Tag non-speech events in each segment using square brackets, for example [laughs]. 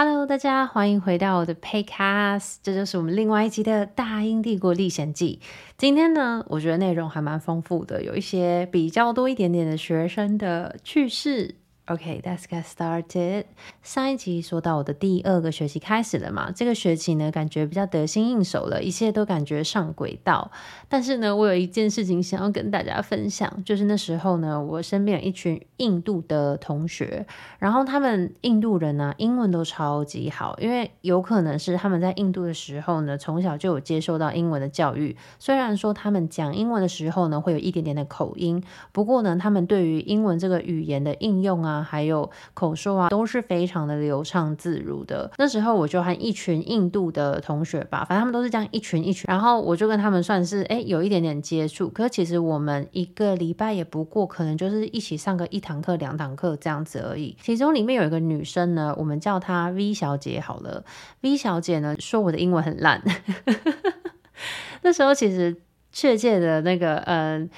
Hello，大家歡迎回到我的 Podcast，這就是我們另外一集的《大英帝國歷險記》。今天呢，我覺得內容還蠻豐富的，有一些比較多一點點的學生的趣事。OK，let's、okay, get started。上一期說到我的第二個學期開始了嘛，這個學期呢，感覺比較得心應手了，一切都感覺上軌道。但是呢，我有一件事情想要跟大家分享，就是那時候呢，我身邊有一群印度的同學，然後他們印度人呢、啊、英文都超級好，因為有可能是他們在印度的時候呢，從小就有接受到英文的教育，雖然說他們講英文的時候呢，會有一點點的口音，不過呢他們對於英文這個語言的應用啊。還有口說啊，都是非常的流暢自如的。那時候我就和一群印度的同學吧，反正他們都是這樣一群一群，然後我就跟他們算是哎有一點點接觸。可是其實我們一個禮拜也不過，可能就是一起上個一堂課、兩堂課這樣子而已。其中裡面有一個女生呢，我們叫她 V 小姐好了。V 小姐呢說我的英文很爛。 [laughs] 那時候其實確切的那個嗯。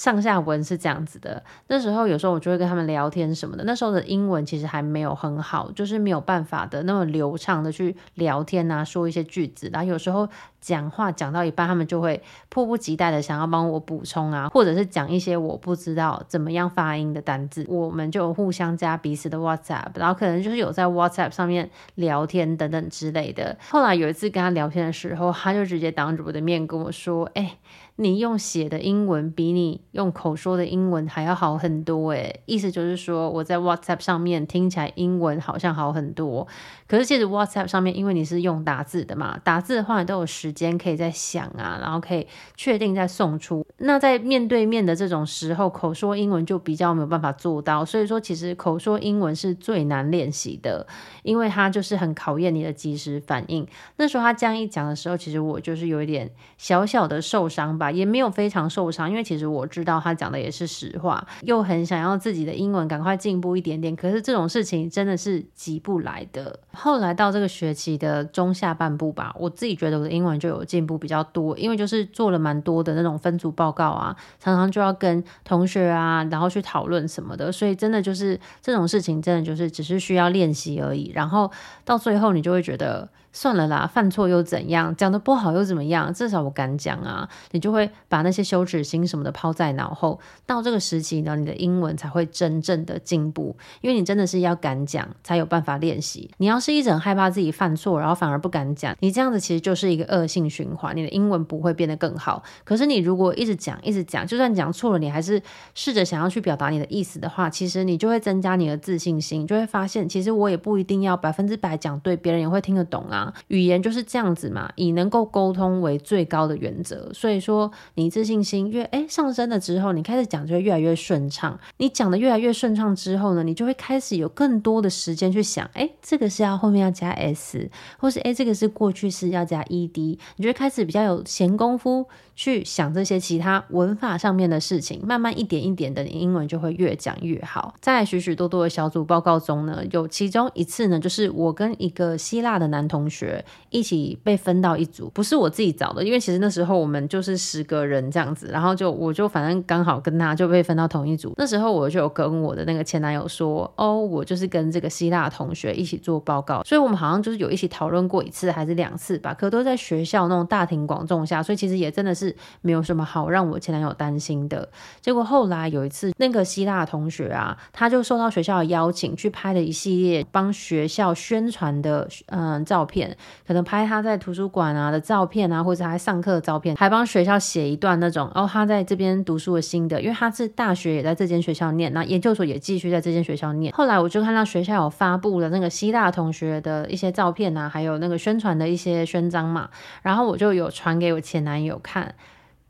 上下文是這樣子的，那時候有時候我就會跟他們聊天什麼的。那時候的英文其實還沒有很好，就是沒有辦法的那麼流暢的去聊天啊，說一些句子。然後有時候講話講到一半，他們就會迫不及待的想要幫我補充啊，或者是講一些我不知道怎麼樣發音的單字。我們就互相加彼此的 WhatsApp，然後可能就是有在 WhatsApp 上面聊天等等之類的。後來有一次跟他聊天的時候，他就直接當着我的面跟我說：“哎、欸。”你用寫的英文比你用口說的英文還要好很多欸。意思就是說我在 WhatsApp 上面聽起來英文好像好很多。可是，其實 WhatsApp 上面，因為你是用打字的嘛，打字的話你都有時間可以再想啊，然後可以確定再送出。那在面對面的這種時候，口說英文就比較沒有辦法做到。所以說，其實口說英文是最難練習的，因為它就是很考驗你的即時反應。那時候他這樣一講的時候，其實我就是有一點小小的受傷吧，也沒有非常受傷，因為其實我知道他講的也是實話，又很想要自己的英文趕快進步一點點。可是這種事情真的是急不來的。後來到這個學期的中下半部吧，我自己覺得我的英文就有進步比較多，因為就是做了蠻多的那種分組報告啊，常常就要跟同學啊，然後去討論什麼的，所以真的就是這種事情，真的就是只是需要練習而已，然後到最後你就會覺得。算了啦，犯錯又怎樣？講得不好又怎麼樣？至少我敢講啊，你就會把那些羞恥心什麼的拋在腦後。到這個時期呢，你的英文才會真正的進步，因為你真的是要敢講才有辦法練習。你要是一直很害怕自己犯錯，然後反而不敢講，你這樣子其實就是一個惡性循環，你的英文不會變得更好。可是你如果一直講，一直講，就算講錯了，你還是試着想要去表達你的意思的話，其實你就會增加你的自信心，就會發現其實我也不一定要百分之百講對，別人也會聽得懂啊。語言就是這樣子嘛，以能夠溝通為最高的原則。所以說，你自信心越哎、欸、上升了之後，你開始講就會越來越順暢。你講的越來越順暢之後呢，你就會開始有更多的時間去想，哎、欸，這個是要後面，要加 s，或是哎、欸，這個是過去式要加 ed。你就會開始比較有閒工夫去想這些其他文法上面的事情，慢慢一點一點的，你英文就會越講越好。在許許多多的小組報告中呢，有其中一次呢，就是我跟一個希臘的男同學學一起被分到一組，不是我自己找的，因為其實那時候我們就是十個人這樣子，然後就我就反正剛好跟他就被分到同一組。那時候我就有跟我的那個前男友說，哦，我就是跟這個希臘同學一起做報告，所以我們好像就是有一起討論過一次還是兩次吧，可都在學校那種大庭廣眾下，所以其實也真的是沒有什麼好讓我前男友擔心的。結果後來有一次，那個希臘同學啊，他就受到學校的邀請去拍了一系列幫學校宣傳的嗯照片。可能拍他在圖書館啊的照片啊，或者他上課的照片，還幫學校寫一段那種，哦，他在這邊讀書的心得，因為他是大學也在這間學校念，那研究所也繼續在這間學校念。後來我就看到學校有發布了那個希臘同學的一些照片啊，還有那個宣傳的一些勳章嘛，然後我就有傳給我前男友看，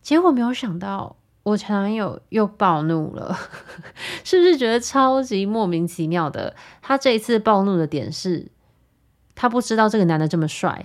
結果沒有想到我前男友又暴怒了， [laughs] 是不是覺得超級莫名其妙的？他這一次暴怒的點是。他不知道這個男的這麼帥，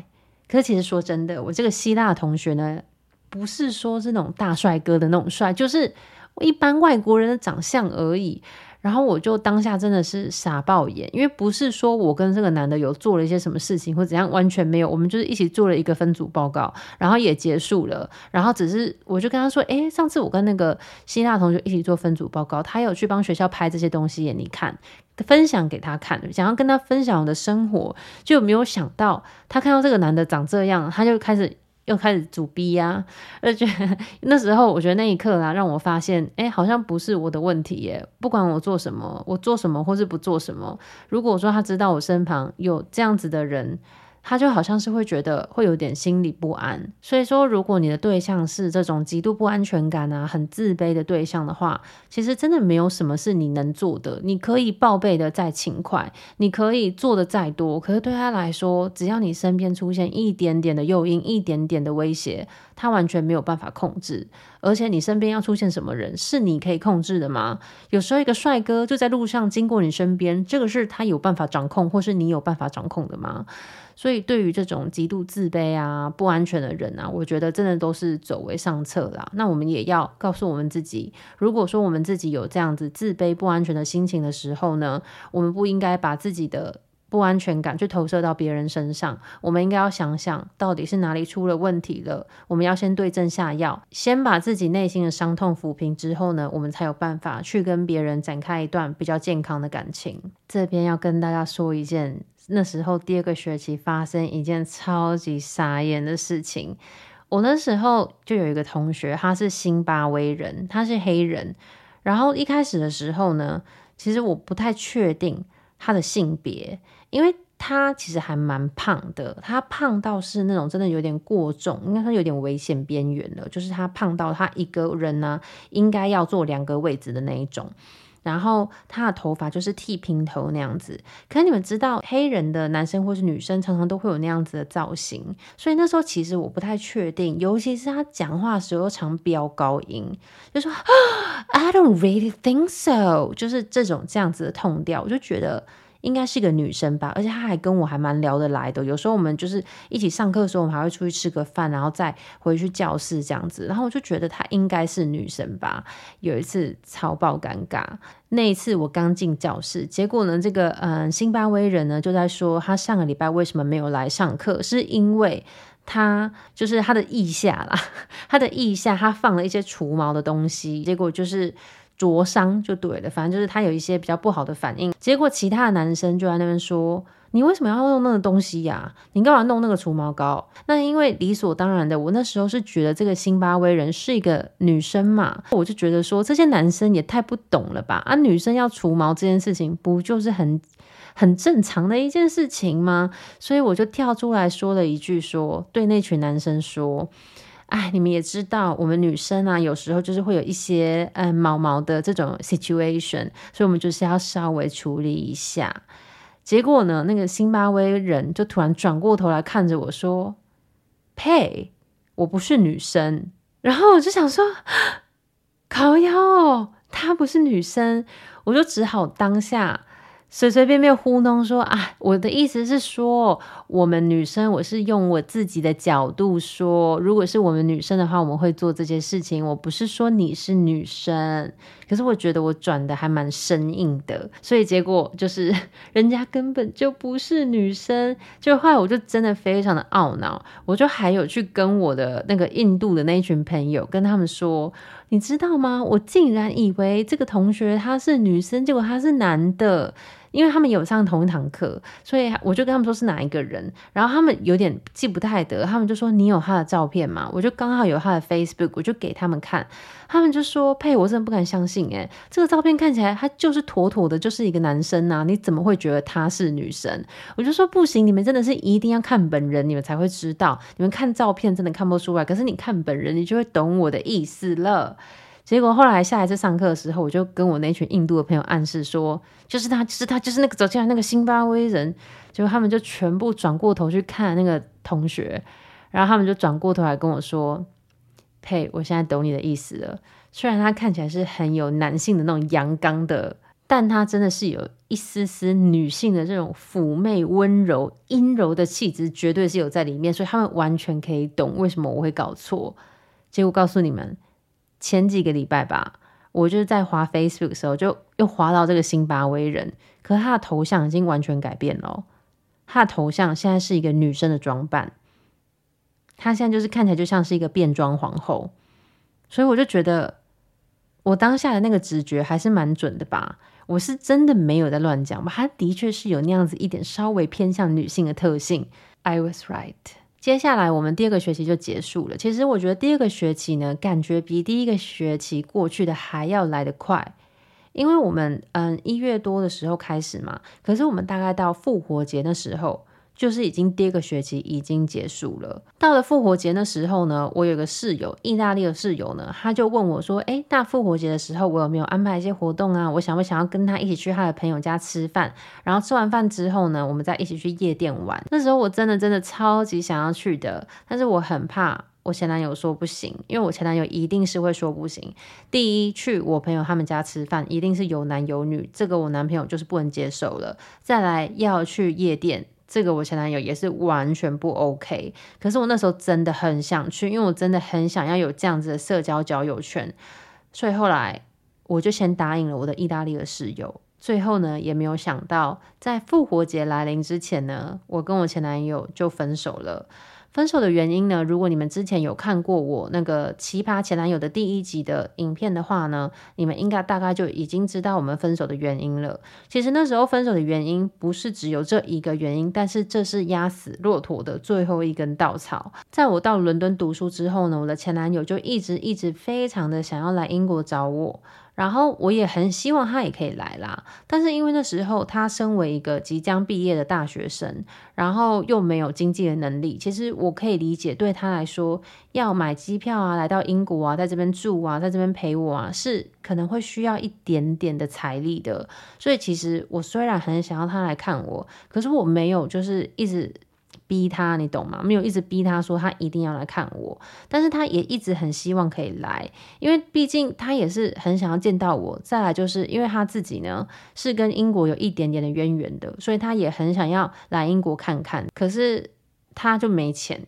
可是其實說真的，我這個希臘同學呢，不是說是那種大帥哥的那種帥，就是一般外國人的長相而已。然後我就當下真的是傻爆眼，因為不是說我跟這個男的有做了一些什麼事情或者怎樣，完全沒有，我們就是一起做了一個分組報告，然後也結束了，然後只是我就跟他說，誒，上次我跟那個希臘同學一起做分組報告，他有去幫學校拍這些東西，你看分享給他看，想要跟他分享我的生活，就沒有想到他看到這個男的長這樣，他就開始。又開始組逼呀、啊！而且那時候，我覺得那一刻啦、啊，讓我發現，哎、欸，好像不是我的問題耶、欸。不管我做什麼，我做什麼，或是不做什麼，如果說他知道我身旁有這樣子的人。他就好像是會覺得會有點心理不安，所以說，如果你的對象是這種極度不安全感啊、很自卑的對象的話，其實真的沒有什麼是你能做的。你可以報備的再勤快，你可以做的再多，可是對他來說，只要你身邊出現一點點的誘因、一點點的威脅，他完全沒有辦法控制。而且你身邊要出現什麼人，是你可以控制的嗎？有時候一個帥哥就在路上經過你身邊，這個是他有辦法掌控，或是你有辦法掌控的嗎？所以對於這種極度自卑啊、不安全的人啊，我覺得真的都是走為上策啦。那我們也要告訴我們自己，如果說我們自己有這樣子自卑、不安全的心情的時候呢，我們不應該把自己的不安全感去投射到別人身上，我們應該要想想到底是哪裡出了問題了。我們要先對症下藥，先把自己內心的傷痛撫平之後呢，我們才有辦法去跟別人展開一段比較健康的感情。這邊要跟大家說一件，那時候第二個學期發生一件超級傻眼的事情。我那時候就有一個同學，他是辛巴威人，他是黑人，然後一開始的時候呢，其實我不太確定他的性別。因為他其實還蠻胖的，他胖到是那種真的有點過重，應該說有點危險邊緣的，就是他胖到他一個人呢，啊，應該要坐兩個位置的那一種。然後他的頭髮就是剃平頭那樣子。可是你們知道，黑人的男生或是女生常常都會有那樣子的造型，所以那時候其實我不太確定，尤其是他講話時候常飆高音，就是、說、啊、I don't really think so，就是這種這樣子的痛調，我就覺得。應該是個女生吧，而且她還跟我還蠻聊得來的。有時候我們就是一起上課的時候，我們還會出去吃個飯，然後再回去教室這樣子。然後我就覺得她應該是女生吧。有一次超爆尷尬，那一次我剛進教室，結果呢，這個嗯，辛巴威人呢就在說他上個禮拜為什麼沒有來上課，是因為他就是他的腋下啦，他的腋下他放了一些除毛的東西，結果就是。灼傷就對了，反正就是他有一些比較不好的反應。結果其他的男生就在那邊說：“你為什麼要弄那個東西呀、啊？你幹嘛弄那個除毛膏？”那因為理所當然的，我那時候是覺得這個辛巴威人是一個女生嘛，我就覺得說，這些男生也太不懂了吧！啊，女生要除毛這件事情不就是很很正常的一件事情嗎？所以我就跳出來說了一句說，說，對那群男生說。哎，你們也知道，我們女生啊，有時候就是會有一些嗯、呃、毛毛的這種 situation，所以我們就是要稍微處理一下。結果呢，那個辛巴威人就突然轉過頭來看着我說呸，ei, 我不是女生。”然後我就想說：“靠腰，他不是女生。”我就只好當下。隨隨便便糊弄說啊，我的意思是說，我們女生，我是用我自己的角度說，如果是我們女生的話，我們會做這些事情。我不是說你是女生，可是我覺得我轉的還蠻生硬的，所以結果就是人家根本就不是女生。就後來我就真的非常的懊惱，我就還有去跟我的那個印度的那一群朋友跟他們說，你知道嗎？我竟然以為這個同學他是女生，結果他是男的。因為他們有上同一堂課，所以我就跟他們說是哪一個人，然後他們有點記不太得，他們就說你有他的照片嗎？我就剛好有他的 Facebook，我就給他們看，他們就說：呸！我真的不敢相信，欸，誒，這個照片看起來他就是妥妥的，就是一個男生啊，你怎麼會覺得他是女生？我就說不行，你們真的是一定要看本人，你們才會知道，你們看照片真的看不出來，可是你看本人，你就會懂我的意思了。結果後來下一次上課的時候，我就跟我那群印度的朋友暗示說，就是他，就是他，就是那個走進來那個辛巴威人。結果他們就全部轉過頭去看那個同學，然後他們就轉過頭來跟我說：“嘿，我現在懂你的意思了。雖然他看起來是很有男性的那種陽剛的，但他真的是有一絲絲女性的這種嫵媚、溫柔、陰柔的氣質，絕對是有在裡面。所以他們完全可以懂為什麼我會搞錯。結果告訴你們。”前幾個禮拜吧，我就是在滑 Facebook 的時候，就又滑到這個辛巴威人，可是他的頭像已經完全改變了。他的頭像現在是一個女生的裝扮，他現在就是看起來就像是一個變裝皇後，所以我就覺得我當下的那個直覺還是蠻準的吧。我是真的沒有在亂講吧，他的確是有那樣子一點稍微偏向女性的特性。I was right. 接下來我們第二個學期就結束了。其實我覺得第二個學期呢，感覺比第一個學期過去的還要來得快，因為我們嗯一月多的時候開始嘛，可是我們大概到復活節的時候。就是已經第一個學期已經結束了，到了復活節那時候呢，我有個室友，意大利的室友呢，他就問我說：“誒、欸，那復活節的時候，我有沒有安排一些活動啊？我想不想要跟他一起去他的朋友家吃飯？然後吃完飯之後呢，我們再一起去夜店玩？”那時候我真的真的超級想要去的，但是我很怕我前男友說不行，因為我前男友一定是會說不行。第一，去我朋友他們家吃飯，一定是有男有女，這個我男朋友就是不能接受了；再來，要去夜店。這個我前男友也是完全不 OK，可是我那時候真的很想去，因為我真的很想要有這樣子的社交交友圈，所以後來我就先答應了我的意大利的室友。最後呢，也沒有想到，在復活節來臨之前呢，我跟我前男友就分手了。分手的原因呢？如果你們之前有看過我那個奇葩前男友的第一集的影片的話呢，你們應該大概就已經知道我們分手的原因了。其實那時候分手的原因不是只有這一個原因，但是這是壓死駱駝的最後一根稻草。在我到倫敦讀書之後呢，我的前男友就一直一直非常的想要來英國找我。然後我也很希望他也可以來啦，但是因為那時候他身為一個即將畢業的大學生，然後又沒有經濟的能力，其實我可以理解，對他來說要買機票啊，來到英國啊，在這邊住啊，在這邊陪我啊，是可能會需要一點點的財力的。所以其實我雖然很想要他來看我，可是我沒有就是一直逼他，你懂嗎？沒有一直逼他說他一定要來看我，但是他也一直很希望可以來，因為畢竟他也是很想要見到我。再來就是因為他自己呢是跟英國有一點點的淵源的，所以他也很想要來英國看看。可是他就沒錢，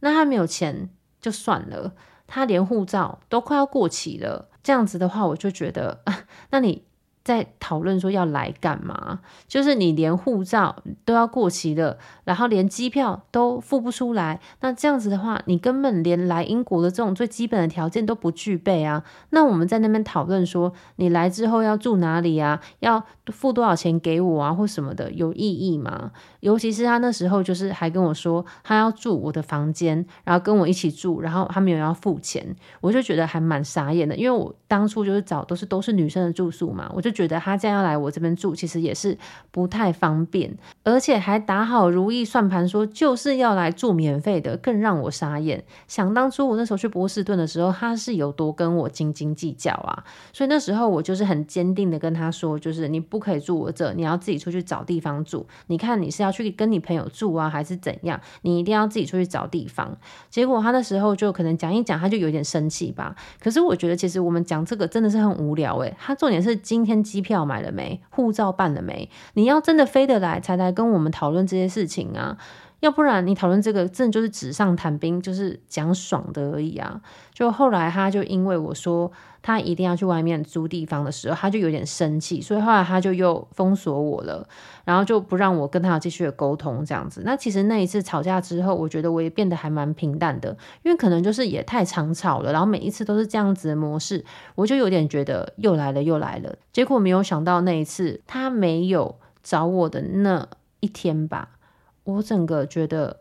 那他沒有錢就算了，他連護照都快要過期了，這樣子的話，我就覺得，啊，那你。在討論說要來幹嘛？就是你連護照都要過期了，然後連機票都付不出來，那這樣子的話，你根本連來英國的這種最基本的條件都不具備啊！那我們在那邊討論說，你來之後要住哪裡啊？要付多少錢給我啊？或什麼的，有意義嗎？尤其是他那時候就是還跟我說他要住我的房間，然後跟我一起住，然後他沒有要付錢，我就覺得還蠻傻眼的，因為我當初就是找都是都是女生的住宿嘛，我就。就覺得他這樣要來我這邊住，其實也是不太方便，而且還打好如意算盤，說就是要來住免費的，更讓我傻眼。想當初我那時候去波士頓的時候，他是有多跟我斤斤計較啊！所以那時候我就是很堅定的跟他說，就是你不可以住我這，你要自己出去找地方住。你看你是要去跟你朋友住啊，還是怎樣？你一定要自己出去找地方。結果他那時候就可能講一講，他就有點生氣吧。可是我覺得其實我們講這個真的是很無聊欸，他重點是今天。機票買了沒？護照辦了沒？你要真的飛得來，才來跟我們討論這些事情啊。要不然你討論這個，真就是紙上談兵，就是講爽的而已啊。就後來他就因為我說他一定要去外面租地方的時候，他就有點生氣，所以後來他就又封鎖我了，然後就不讓我跟他繼續的溝通這樣子。那其實那一次吵架之後，我覺得我也變得還蠻平淡的，因為可能就是也太常吵了，然後每一次都是這樣子的模式，我就有點覺得又來了又來了。結果沒有想到那一次他沒有找我的那一天吧。我整個覺得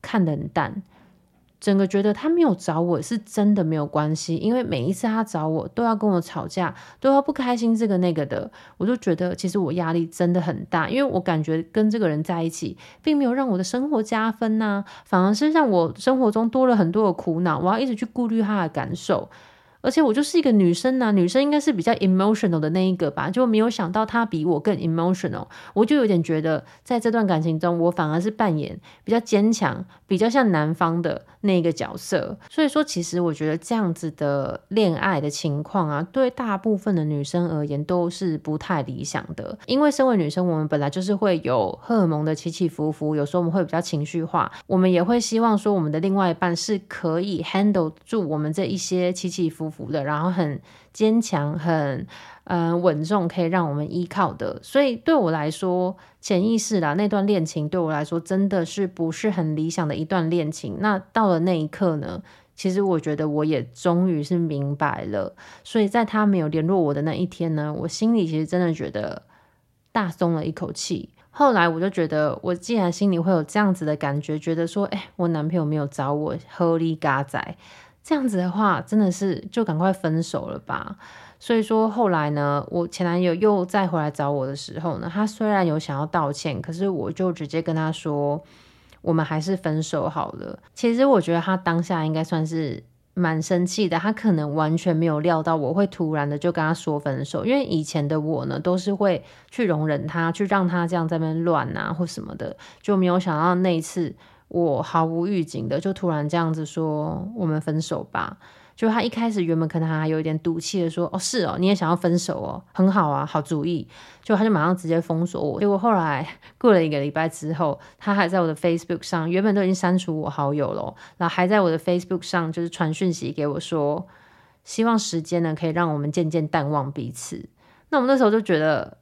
看得很淡，整個覺得他沒有找我是真的沒有關係，因為每一次他找我都要跟我吵架，都要不開心這個那個的，我就覺得其實我壓力真的很大，因為我感覺跟這個人在一起並沒有讓我的生活加分吶、啊，反而是讓我生活中多了很多的苦惱，我要一直去顧慮他的感受。而且我就是一個女生呢、啊，女生應該是比較 emotional 的那一個吧，就沒有想到她比我更 emotional，我就有點覺得，在這段感情中，我反而是扮演比較堅強、比較像男方的那個角色。所以說，其實我覺得這樣子的戀愛的情況啊，對大部分的女生而言都是不太理想的。因為身為女生，我們本來就是會有荷爾蒙的起起伏伏，有時候我們會比較情緒化，我們也會希望說，我們的另外一半是可以 handle 住我們這一些起起伏伏。服然後很堅強，很嗯穩重，可以讓我們依靠的。所以對我來說，潛意識啦，那段戀情對我來說真的是不是很理想的一段戀情。那到了那一刻呢，其實我覺得我也終於是明白了。所以在他沒有聯絡我的那一天呢，我心裡其實真的覺得大鬆了一口氣。後來我就覺得，我既然心裡會有這樣子的感覺，覺得說，誒，我男朋友沒有找我，喝里嘎仔。這樣子的話，真的是就趕快分手了吧。所以說後來呢，我前男友又再回來找我的時候呢，他雖然有想要道歉，可是我就直接跟他說，我們還是分手好了。其實我覺得他當下應該算是蠻生氣的，他可能完全沒有料到我會突然的就跟他說分手，因為以前的我呢，都是會去容忍他，去讓他這樣在那邊亂啊或什麼的，就沒有想到那一次。我毫無預警的就突然這樣子說，我們分手吧。就他一開始原本可能還有一點賭氣的說，哦，是哦，你也想要分手哦，很好啊，好主意。就他就馬上直接封鎖我。結果後來過了一個禮拜之後，他還在我的 Facebook 上，原本都已經刪除我好友了，然後還在我的 Facebook 上就是傳訊息給我說，希望時間呢可以讓我們漸漸淡忘彼此。那我們那時候就覺得，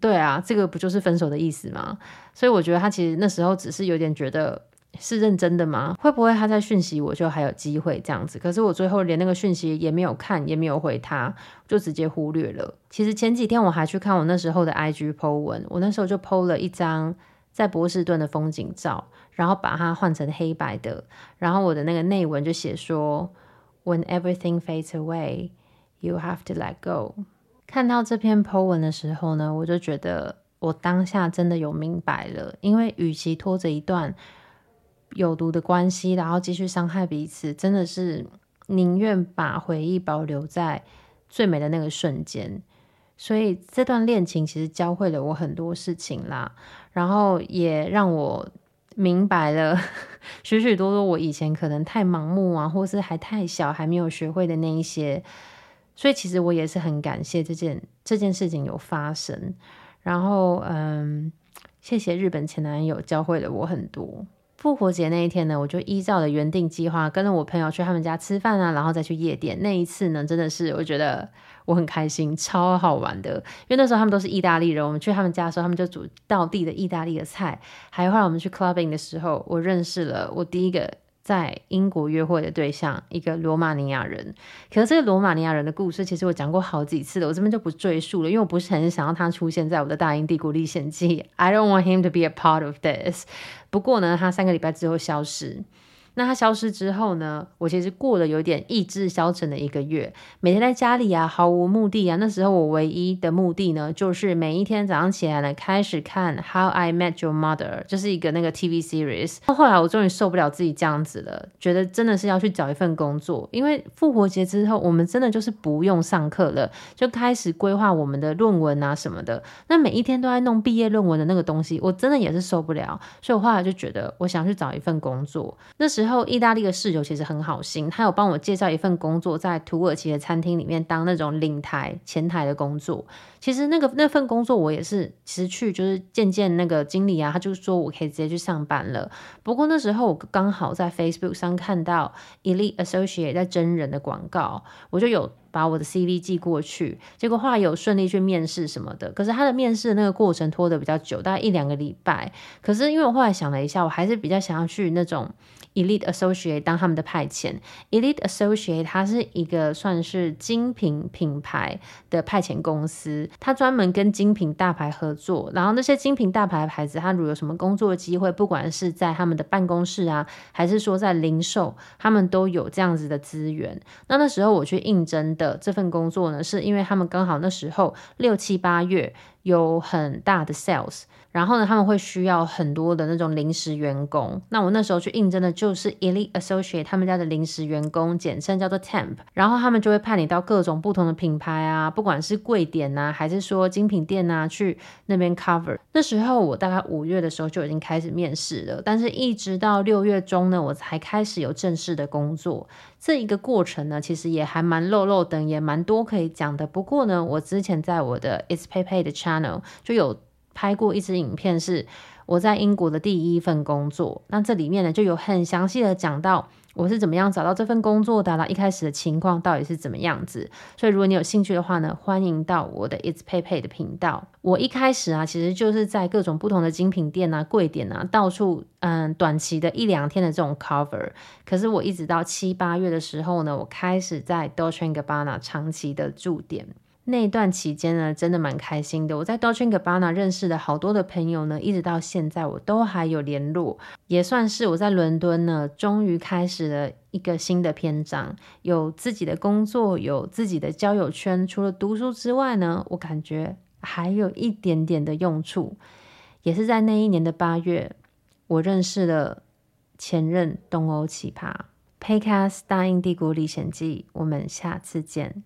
對啊，這個不就是分手的意思嗎？所以我覺得他其實那時候只是有點覺得。是認真的嗎？會不會他在訊息，我就還有機會這樣子？可是我最後連那個訊息也沒有看，也沒有回他，就直接忽略了。其實前幾天我還去看我那時候的 IG Po 文，我那時候就 Po 了一張在波士頓的風景照，然後把它換成黑白的，然後我的那個內文就寫說：“When everything fades away, you have to let go。”看到這篇 Po 文的時候呢，我就覺得我當下真的有明白了，因為與其拖着一段。有毒的關係，然後繼續傷害彼此，真的是寧願把回憶保留在最美的那個瞬間。所以這段戀情其實教會了我很多事情啦，然後也讓我明白了許許多多我以前可能太盲目啊，或是還太小，還沒有學會的那一些。所以其實我也是很感謝這件這件事情有發生，然後嗯，謝謝日本前男友教會了我很多。復活節那一天呢，我就依照了原定計劃，跟着我朋友去他們家吃飯啊，然後再去夜店。那一次呢，真的是我覺得我很開心，超好玩的。因為那時候他們都是意大利人，我們去他們家的時候，他們就煮道地的意大利的菜。還有後來我們去 clubbing 的時候，我認識了我第一個。在英國約會的對象，一個羅馬尼亞人。可是這個羅馬尼亞人的故事，其實我講過好幾次了，我這邊就不贅述了，因為我不是很想要他出現在我的《大英帝國歷險記》。I don't want him to be a part of this。不過呢，他三個禮拜之後消失。那他消失之後呢？我其實過了有點意志消沉的一個月，每天在家裡啊，毫無目的啊。那時候我唯一的目的呢，就是每一天早上起來呢，開始看《How I Met Your Mother》，就是一個那個 TV series。後來我終於受不了自己這樣子了，覺得真的是要去找一份工作。因為復活節之後，我們真的就是不用上課了，就開始規劃我們的論文啊什麼的。那每一天都在弄畢業論文的那個東西，我真的也是受不了，所以我後來就覺得，我想去找一份工作。那時。然後，意大利的室友其實很好心，他有幫我介紹一份工作，在土耳其的餐廳裡面當那種領檯、前台的工作。其實那個那份工作我也是，其實去就是見見那個經理啊，他就說我可以直接去上班了。不過那時候我剛好在 Facebook 上看到 Elite Associate 在真人的廣告，我就有把我的 CV 寄過去。結果後來有順利去面試什麼的，可是他的面試的那個過程拖得比較久，大概一兩個禮拜。可是因為我後來想了一下，我還是比較想要去那種 Elite Associate 當他們的派遣。Elite Associate 它是一個算是精品品牌的派遣公司。他專門跟精品大牌合作，然後那些精品大牌的牌子，他如有什麼工作機會，不管是在他們的辦公室啊，還是說在零售，他們都有這樣子的資源。那那時候我去應徵的這份工作呢，是因為他們剛好那時候六七八月。有很大的 sales，然後呢，他們會需要很多的那種臨時員工。那我那時候去應徵的，就是 Elite Associate 他們家的臨時員工，簡稱叫做 temp。然後他們就會派你到各種不同的品牌啊，不管是櫃點啊，還是說精品店啊，去那邊 cover。那時候我大概五月的時候就已經開始面試了，但是一直到六月中呢，我才開始有正式的工作。這一個過程呢，其實也還蠻露露的，也蠻多可以講的。不過呢，我之前在我的 It's Pay Pay 的 channel 就有拍過一支影片，是我在英國的第一份工作。那這裡面呢，就有很詳細的講到。我是怎麼樣找到這份工作的呢？那一開始的情況到底是怎麼樣子？所以如果你有興趣的話呢，歡迎到我的 It's PayPay 的頻道。我一開始啊，其實就是在各種不同的精品店啊、櫃點啊到處嗯短期的一兩天的這種 cover。可是我一直到七八月的時候呢，我開始在 Dolce Gabbana 長期的駐點。那一段期間呢，真的蠻開心的。我在 Dolce & Gabbana 認識了好多的朋友呢，一直到現在我都還有聯絡，也算是我在倫敦呢，終於開始了一個新的篇章，有自己的工作，有自己的交友圈。除了讀書之外呢，我感覺還有一點點的用處。也是在那一年的八月，我認識了前任東歐奇葩 Paycast《Pay 大英帝國歷險記》。我們下次見。